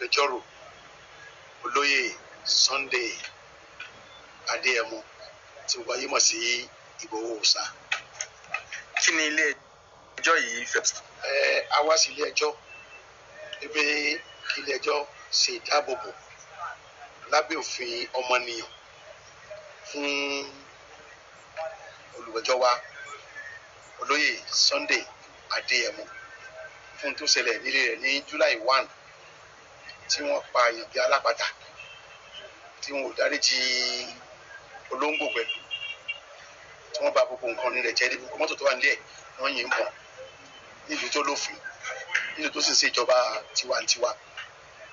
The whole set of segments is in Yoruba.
agbẹjọ́rò olóyè Sunday Adéyẹmọ tí wọ́n wáyé mọ̀ sí Ìgbòho Òòṣà. kí ni ilé ẹjọ́ yìí fẹ́. ẹ a wá sí ilé ẹjọ́ ebi kí ilé ẹjọ́ ṣe ìdáàbòbò lábẹ́ òfin ọmọnìyàn fún olùgbẹ́jọ́ wa olóyè Sunday Adéyẹmọ fún tó ṣẹlẹ̀ nílé rẹ̀ ní July one tí wọ́n pa ìgbé alápatà tí wọn ò dáríjì olóńgbò pẹ̀lú tí wọ́n bà gbogbo nǹkan rẹ̀ jẹ́ níbi mọ́tò tó wà nílẹ̀ wọ́n yìn bọ̀ nílùú tó lófin nílùú tó sì ń ṣe ìjọba tiwantiwa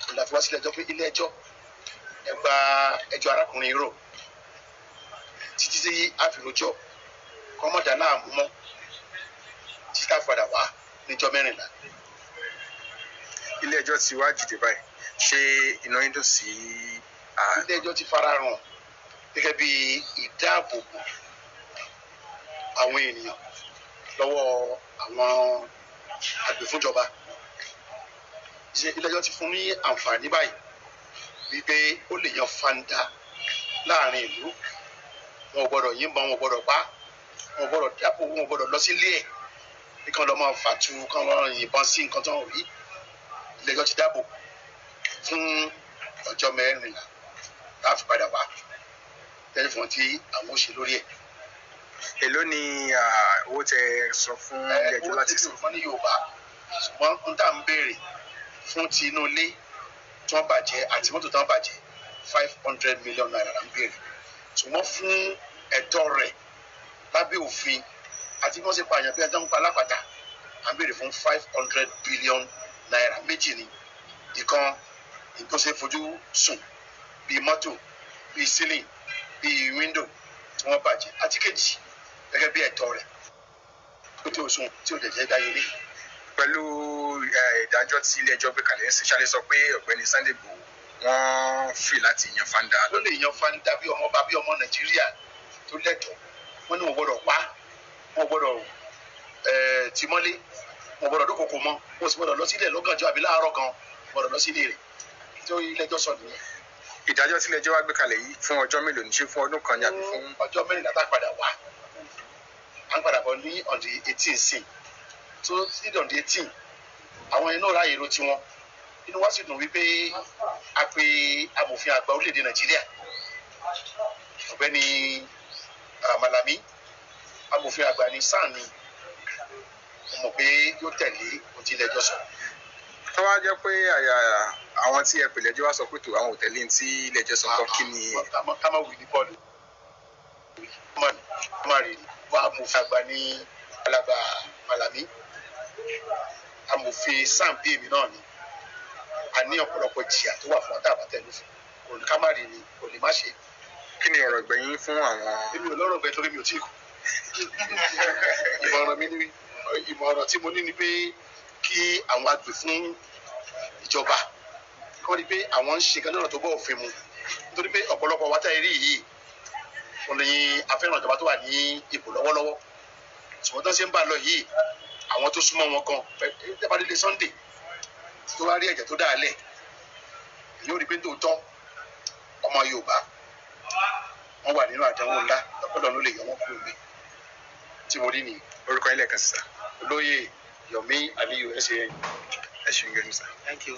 ìlàfi wá sílẹ̀ ẹjọ́ pé ilé ẹjọ́ ẹ gba ẹjọ́ arákùnrin rò títí tí àfìròjọ́ kọ́mọ̀dá náà mú mọ́ títà padà wá níjọ́ mẹ́rìnlá ilé ẹjọ́ ti wá dìde báyìí ṣé iná yín dùn sí. ilé ẹjọ́ ti farahàn gẹ́gẹ́ bí ìdáàbòbò àwọn ènìyàn lọ́wọ́ àwọn agbèfúnjọba ilé ẹjọ́ ti fún ní àǹfààní báyìí wípé ó lè yan fanda láàrin ìlú wọn ò gbọ́dọ̀ yìnbọn wọn ò gbọ́dọ̀ pa wọn ò gbọ́dọ̀ dáàbò wọn ò gbọ́dọ̀ lọ sílé ẹ̀ kí kan lọ máa fàtú kán lọ yìnbọn sí nǹkan tó ń rí ilé ẹjọ́ ti dáàbò bò fún ọjọ́ mẹ́rin tá a fi padà wá lẹ́yìn fún ti àwọn òṣèlú lórí ẹ̀. èló ni owó tẹ sọ fún ẹjọ́ láti sọ. owó tẹ sọ fún ní yorùbá ṣùgbọ́n n tà ń béèrè fún ti inú ilé tí wọ́n bàjẹ́ àti mọ́tò tí wọ́n bàjẹ́ five hundred million naira là ń béèrè ṣùgbọ́n fún ẹ̀tọ́ rẹ̀ lábẹ́ òfin àti bí wọ́n ṣe pa àyàn bí ẹjọ́ ń pa alápàtà à ń béèrè fún five hundred billion naira méjì ni ìkan tó ṣe fojú sùn bíi mọ́tò bíi sílìn bíi wíńdò tí wọ́n bàjẹ́ àti kejì gẹ́gẹ́ bí ẹ̀tọ́ rẹ̀ tó tó sùn tí ò dẹ̀jẹ̀ dáyé lé. pẹ̀lú ìdájọ́ tí ilé-ẹjọ́ gbé kalẹ̀ ṣe ṣáde sọ pé ọ̀gbẹ́ni Sunday Igboho wọ́n fì láti yan fanda. ló lè yan fanda bí ọmọ bá bí ọmọ Nàìjíríà tó lẹ́tọ̀ọ́ wọn ní wọn gbọ́dọ̀ pa wọn gbọ́dọ̀ tìmọ́lé wọn gbọ́dọ̀ dókòkò mọ́ wọn sì gbọ́dọ̀ lọ sílẹ̀ lọ́gànjọ́ àbí láàárọ̀ kan wọn gbọ́dọ̀ lọ sílé rẹ̀ tó ilé-ẹjọ́ sọ nìyẹn. ìdájọ́ tí ilé-ẹjọ́ wá gbé kalẹ̀ yìí fún ọjọ́ mélòó ní ṣe fún ọdún kan ní àbí fún. ọjọ́ mélòó tá a padà wá à ń padà bọ̀ ní on the eighteen sí tó sí on the eighteen àwọn inú ra èrò tiwọn inú wa sì dùn wípé a pe amòfin àgbà orílẹ̀-èdè nàìjíríà ọ̀gbẹ́ni malami amòfin àgbà ní sáà ni mo mọ̀ pé yóò tẹ̀lé òtí ilé ẹjọ́ sọ. tó wá jẹ́ pé àyà àwọn tí ẹ pè lẹ́jọ́ wá sọ pé tó àwọn òtẹ́lẹ̀ tí ilé-ẹjọ́ sọ tán kí ni. Ah, ah, ah, kámá wí ní bọ́ọ̀lù kámá rí amòfin àgbà ní alaba malami amòfin sam bí èmi náà ni a ní ọ̀pọ̀lọpọ̀ jìyà tó wà fún ọ̀tá àbátẹ́lú fún òní kámá rí ni kò lè má ṣe. kí ni ọ̀rọ̀ ìgbẹ̀yìn fún àwọn. èmi ò lọ́rọ̀ bẹ́ẹ̀ torí mi ò tí ì kú ìmọ̀ràn mi ni ìmọ̀ràn tí mo ní ni pé kí àwọn agbè fún ìjọba kọ́ di pé àwọn ń ṣe kan lọ́nà tó bọ́ òfin mu nítorí pé ọ̀pọ̀lọpọ̀ wa tá a rí yìí wọn ni afẹ́ràn ìjọba tó wà ní ipò lọ́wọ́lọ́wọ́ ṣùgbọ́n tó ń ṣe ń bá lọ yìí àwọn tó súnmọ́ wọn kan dábàdílé Sunday tó wá rí ẹ̀jẹ̀ tó dáa lẹ̀ yóò rí pé tòótọ́ ọmọ Yorùbá wọn wà nínú àdánwò ńlá lọ́pọ̀lọpọ̀ ló lè yọ wọn kúrò mi tí mo rí ni orúkọ ilé kan sísá olóyè Yomi Aliyu ẹsẹ ẹṣin gẹmísà.